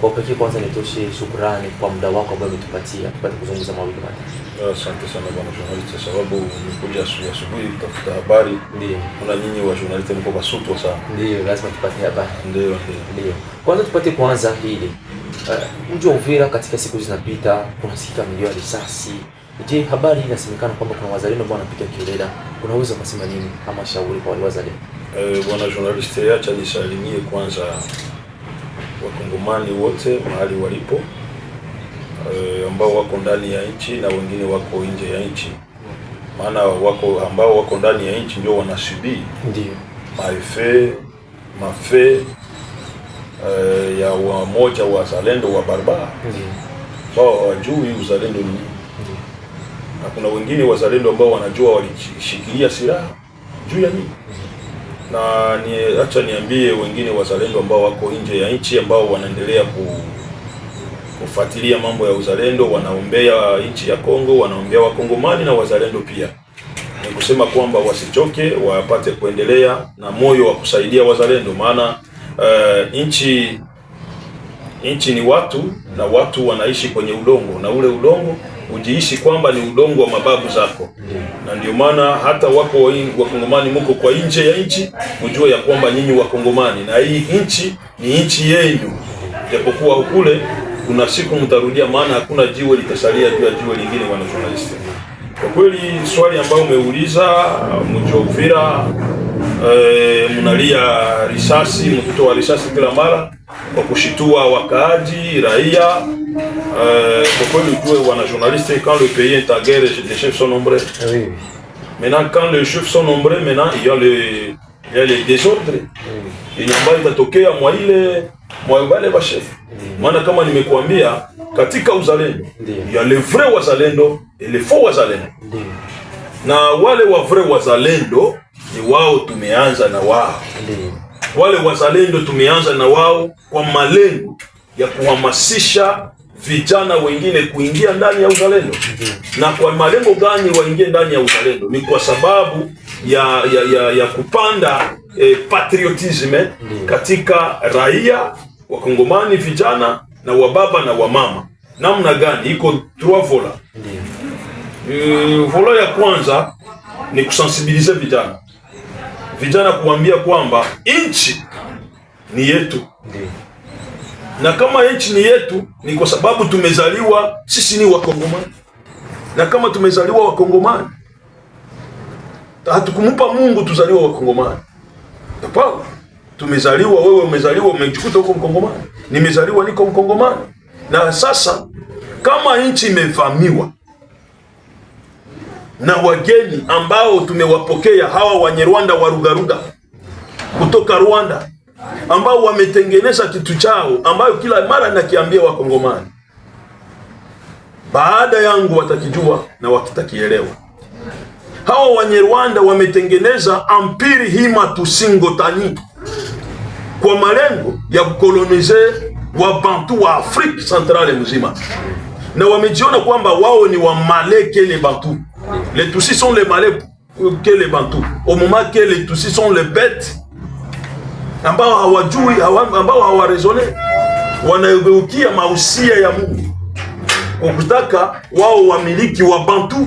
Kwa pekee kwanza nitoshe shukrani kwa muda wako ambao umetupatia tupate kuzungumza mawili matatu. Asante sana bwana journalist, kwa sababu umekuja asubuhi asubuhi kutafuta habari. Ndio. Kuna nyinyi wa journalist mko basutwa sana. Ndio, lazima tupate habari. Ndio, ndio. Ndio. Kwanza tupate kwanza hili. Uh, mji wa Uvira katika siku zinapita kunasikika milio ya risasi. Je, habari hii inasemekana kwamba kuna wazalendo ambao wanapiga kelele. Unaweza kusema nini kama shauri kwa wale wazalendo? Eh, bwana journalist, acha nisalimie kwanza wakongomani wote mahali walipo e, ambao wako ndani ya nchi na wengine wako nje ya nchi, maana wako ambao wako ndani ya nchi ndio wanasubi ndio maefe mafe e, ya wamoja wazalendo wa barbara ambao hawajui uzalendo ni na kuna wengine wazalendo ambao wanajua walishikilia silaha juu ya nini na ni acha niambie wengine wazalendo ambao wako nje ya nchi ambao wanaendelea ku, kufuatilia mambo ya uzalendo, wanaombea nchi ya Kongo, wanaombea wakongomani na wazalendo pia, ni kusema kwamba wasichoke, wapate kuendelea na moyo wa kusaidia wazalendo, maana uh, nchi Nchi ni watu na watu wanaishi kwenye udongo, na ule udongo ujiishi kwamba ni udongo wa mababu zako, na ndio maana hata wako Wakongomani muko kwa nje ya nchi, mjue ya kwamba nyinyi Wakongomani na hii nchi ni nchi yenu, japokuwa kule kuna siku mtarudia, maana hakuna jiwe litasalia juu ya jiwe lingine. Wana kwa kweli swali ambayo umeuliza mjua Uvira e, eh, mnalia risasi mkitoa risasi kila mara kwa kushitua wakaaji raia. Eh, kwa kweli tuwe wana journaliste quand le pays est en guerre les chefs sont nombreux. Eh oui. Maintenant quand les chefs sont nombreux maintenant il y a le il y a les désordres. Oui. Ambayo itatokea mwa ile mwa wale ba chef. Maana kama nimekuambia katika uzalendo ya le vrai wazalendo et le faux wazalendo na wale wa vrai wazalendo ni wao, tumeanza na wao wale wazalendo, tumeanza na wao kwa malengo ya kuhamasisha vijana wengine kuingia ndani ya uzalendo. Na kwa malengo gani waingie ndani ya uzalendo? Ni kwa sababu ya, ya, ya, ya kupanda eh, patriotisme katika raia wakongomani vijana na wababa na wamama. Namna gani? Iko trois vola. Mm, vola ya kwanza ni kusensibilize vijana vijana kuambia kwamba nchi ni yetu Ndi. na kama nchi ni yetu ni kwa sababu tumezaliwa sisi ni Wakongomani, na kama tumezaliwa Wakongomani hatukumupa Mungu tuzaliwa Wakongomani. Hapana, tumezaliwa, wewe umezaliwa, umejikuta huko Mkongomani, nimezaliwa niko Mkongomani. Na sasa kama nchi imevamiwa na wageni ambao tumewapokea hawa Wanyarwanda warugaruga kutoka Rwanda ambao wametengeneza kitu chao ambayo kila mara nakiambia Wakongomani, baada yangu watakijua na wakitakielewa. Hawa Wanyarwanda wametengeneza ampiri hima tusingotani kwa malengo ya kukolonize wa bantu wa Afrika Centrale mzima, na wamejiona kwamba wao ni wamalekele bantu Les Tutsis sont les Malais que les Bantous. Au moment que les Tutsis sont les bêtes, ambao hawajui, ambao hawarezone, wanaegeukia mausia ya Mungu kwa kutaka wao wamiliki wa Bantu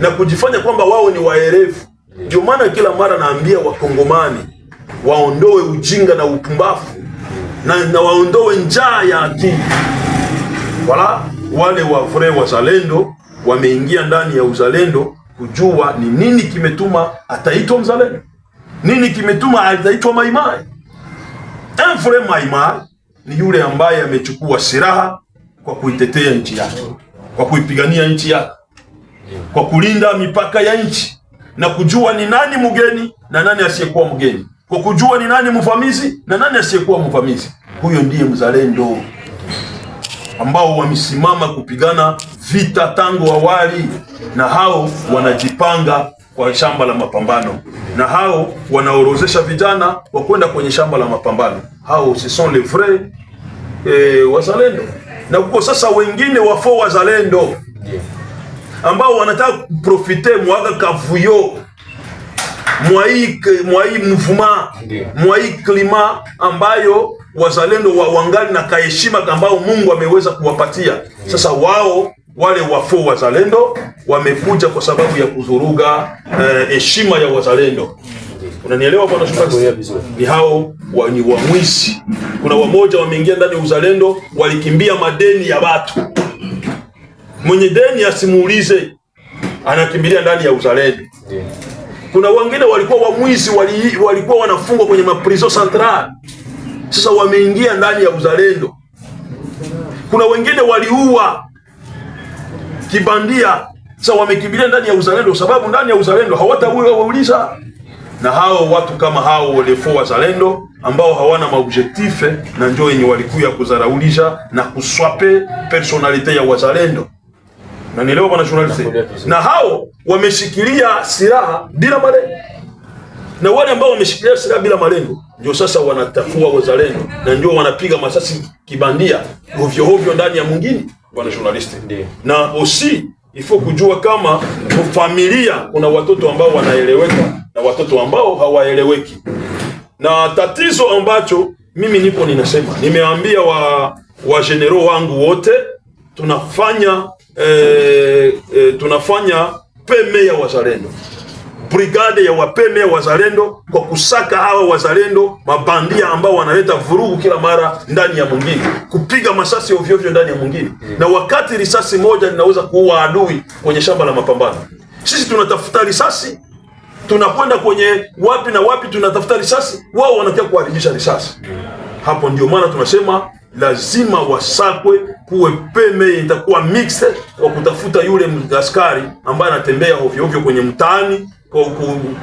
na kujifanya kwamba wao ni waerevu. Ndio maana kila mara naambia Wakongomani waondoe ujinga na upumbavu na, na waondoe njaa ya akili, wala wale wa vrai wazalendo wameingia ndani ya uzalendo, kujua ni nini kimetuma ataitwa mzalendo, nini kimetuma ataitwa maimai. Enfure maimai ni yule ambaye amechukua silaha kwa kuitetea nchi yake, kwa kuipigania nchi yake, kwa kulinda mipaka ya nchi na kujua ni nani mgeni na nani asiyekuwa mgeni, kwa kujua ni nani mvamizi na nani asiyekuwa mvamizi. Huyo ndiye mzalendo ambao wamesimama kupigana vita tangu awali, na hao wanajipanga kwa shamba la mapambano, na hao wanaorozesha vijana wa kwenda kwenye shamba la mapambano. Hao ce sont les vrais eh, wazalendo. Na kuko sasa wengine wafo wazalendo ambao wanataka kuprofite mwaga kavuyo mwai mvuma mwai klima ambayo wazalendo wa wangali na kaheshima ambao Mungu ameweza kuwapatia. Sasa wao wale wafu wazalendo wamekuja kwa sababu ya kuzuruga eh, heshima eh, ya wazalendo. Unanielewa bwana Shukrani? Ni hao wa, ni wamwizi. Kuna wamoja wameingia ndani ya uzalendo, walikimbia madeni ya watu. Mwenye deni asimuulize, anakimbilia ndani ya uzalendo. Kuna wengine walikuwa wamwizi, walikuwa wanafungwa kwenye maprizo central, sasa wameingia ndani ya uzalendo. Kuna wengine waliua kibandia, sasa wamekimbilia ndani ya uzalendo, sababu ndani ya uzalendo wauliza Na hao watu kama hao waliofu wazalendo ambao hawana maobjektife na njoo yenye walikuya kuzaraulisha na kuswape personalite ya wazalendo. Nanielewa bwana journalist. Na hao wameshikilia silaha bila malengo, na wale ambao wameshikilia silaha bila malengo ndio sasa wanatafua wazalendo na ndio wanapiga masasi kibandia ovyo ovyo ndani ya mwingine, bwana journalist. Na osi ifo kujua kama familia kuna watoto ambao wanaeleweka na watoto ambao hawaeleweki, na tatizo ambacho mimi nipo ninasema, nimeambia wa wa general wangu wote tunafanya Eh, eh, tunafanya peme ya wazalendo, brigade ya wapeme ya wazalendo kwa kusaka hawa wazalendo mabandia ambao wanaleta vurugu kila mara ndani ya mwingine, kupiga masasi ovyo ovyo ndani ya mwingine, na wakati risasi moja linaweza kuua adui kwenye shamba la mapambano. Sisi tunatafuta risasi tunakwenda kwenye wapi na wapi, tunatafuta risasi, wao wanataka kuharibisha risasi. Hapo ndio maana tunasema lazima wasakwe, kuwe peme itakuwa mixe wa kutafuta yule askari ambaye anatembea ovyo ovyo kwenye mtaani kwa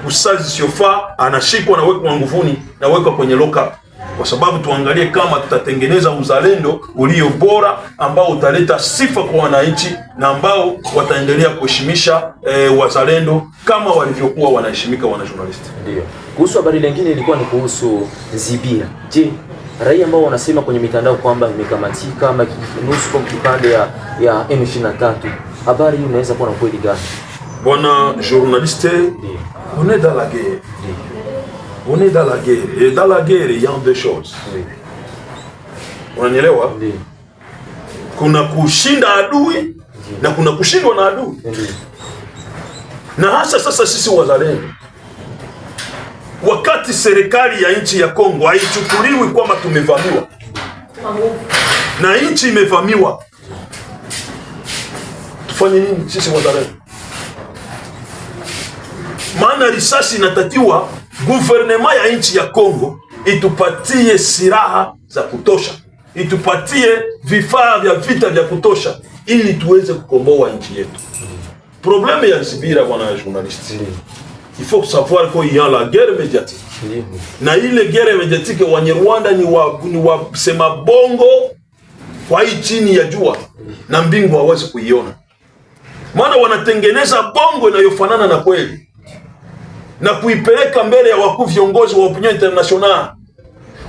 kusazi siofaa, anashikwa nawekwa nguvuni nawekwa kwenye lockup, kwa sababu tuangalie kama tutatengeneza uzalendo ulio bora ambao utaleta sifa kwa wananchi na ambao wataendelea kuheshimisha e, wazalendo kama walivyokuwa wanaheshimika wanajournalist. Ndio kuhusu habari lengine ilikuwa ni kuhusu Zibia. Je, raia ambao wanasema kwenye mitandao kwamba imekamatika ama nusu kwa kipande ya, ya M23, habari hii unaweza kuwa na kweli gani? Bwana journaliste, on est dans la guerre. On est dans la guerre. Et dans la guerre, il y a deux choses. Unanielewa? Kuna kushinda adui na kuna kushindwa na adui. Na hasa sasa sisi wazalendo wakati serikali ya nchi ya Kongo haichukuliwi kwamba tumevamiwa na nchi imevamiwa, tufanye nini sisi wazalendo? Maana risasi inatakiwa guvernema ya nchi ya Kongo itupatie silaha za kutosha, itupatie vifaa vya vita vya kutosha, ili tuweze kukomboa nchi yetu. Probleme ya Zibira, bwana journalist il faut savoir qu'il y a la guerre médiatique mm na ile guerre médiatique wa Rwanda ni wa, ni wa sema bongo kwa hii chini ya jua na mbingu hawezi kuiona, maana wanatengeneza bongo inayofanana na kweli na kuipeleka mbele ya wakuu viongozi wa opinion international.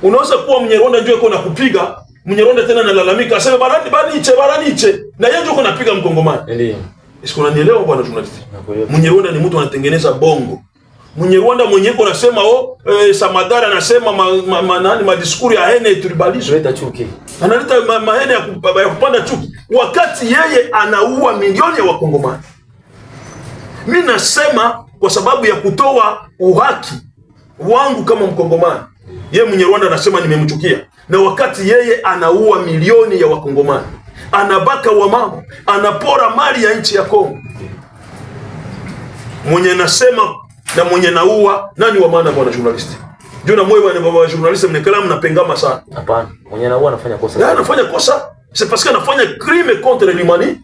Unaweza kuwa Mnyarwanda njoo iko nakupiga Mnyarwanda tena nalalamika, aseme baraniche baraniche, na yeye njoo napiga Mkongomani Unanielewa bwana journalist? Rwanda ni mtu anatengeneza bongo. yuko anasema nasema oh, eh, Samadara anasema ma, ma, ma, nani madiskuri ya hene tulibalisho leta chuki. Analeta ma, mahene ya, ya kupanda chuki wakati yeye anaua milioni ya wakongomani. Mimi nasema kwa sababu ya kutoa uhaki wangu kama mkongomani. Yeye Rwanda anasema nimemchukia na wakati yeye anaua milioni ya wakongomani. anabaka wamama, anapora mali ya nchi ya Kongo. Mwenye nasema na mwenye naua nani wa maana? Bwana journalist juu na wa ni baba journalist, mnekala mnapengama sana. Hapana, mwenye naua anafanya kosa, na anafanya kosa c'est parce qu'on a fait un crime contre l'humanité.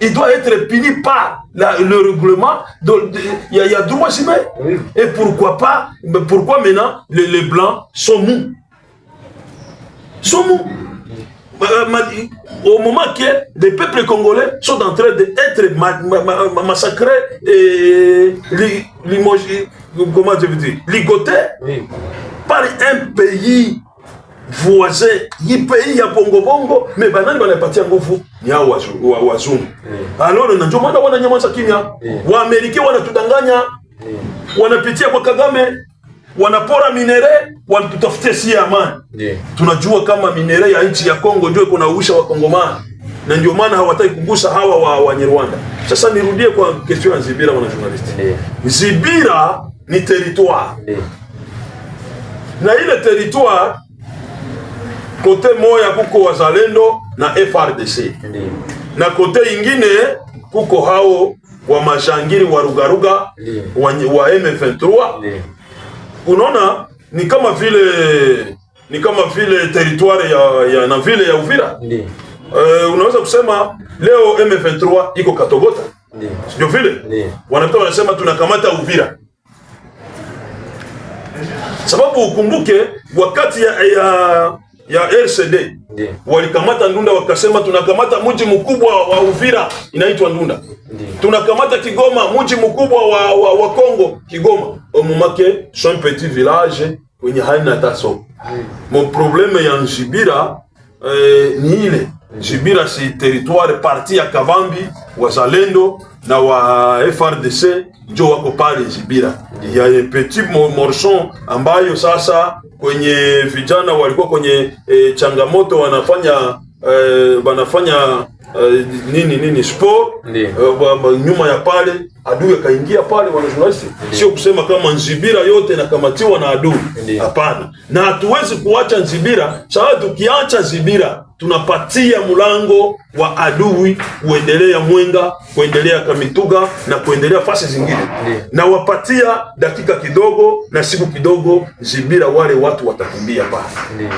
Il doit être puni par la, le règlement. Il y, y, a droit humain. Oui. Et pourquoi pas Pourquoi maintenant les, les blancs sont mous Sont mous. Bah, euh, au moment que les peuples congolais sont en train d'être massacrés et limogés, comment je veux ligotés par un pays voisin, un pays à Bongo Bongo, mais banani banapati yango vous, ya wazungu. Alors on a dit, on a dit, on a dit, on a dit, on a on a wanapora minere watutafutie si amani yeah. Tunajua kama minere ya nchi ya Kongo ndio iko na uhusha wa Kongomani na ndio maana hawataki kugusa hawa wa Wanyarwanda. Sasa nirudie kwa kesho ya Zibira, wana journalist yeah. Zibira ni territoire yeah. Na ile territoire kote moya kuko wazalendo na FRDC yeah. Na kote ingine kuko hao wa mashangiri wa rugaruga yeah. wa, wa M23 yeah unaona ni kama vile ni kama vile territoire ya, ya na vile ya Uvira ndiyo. Uh, eh, unaweza kusema leo M23 iko Katogota sio vile wanapita wanasema tunakamata Uvira, sababu ukumbuke wakati ya, ya ya RCD Walikamata Ndunda wakasema tunakamata mji mkubwa wa Uvira inaitwa Ndunda. Tunakamata Kigoma mji mkubwa wa, wa, wa Kongo Kigoma. Omumake son petit village kwenye na taso. mo probleme ya Njibira eh, ni ile Njibira si territoire parti ya Kavambi wazalendo na wa FRDC njo wako pale Njibira ya eh, petit morchon ambayo sasa kwenye vijana walikuwa kwenye e, changamoto wanafanya e, wanafanya e, nini nini sport e, nyuma ya pale adui akaingia pale, wanajournalisti, sio kusema kama Nzibira yote nakamatiwa na adui. Hapana, na hatuwezi kuacha Nzibira sababu tukiacha Nzibira tunapatia mlango wa adui kuendelea Mwenga, kuendelea Kamituga na kuendelea fasi zingine, na wapatia dakika kidogo na siku kidogo zibira, wale watu watakimbia pale.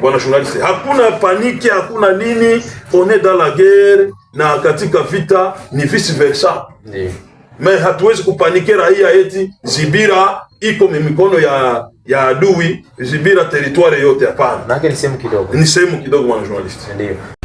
Bwana journaliste, hakuna paniki, hakuna nini, on est dans la guerre, na katika vita ni vice versa. Me hatuwezi kupanike raia eti zibira iko mikono ya ya adui zibira teritwari yote, hapana. Maana ni sehemu kidogo, ni sehemu kidogo, mwana journalist, ndio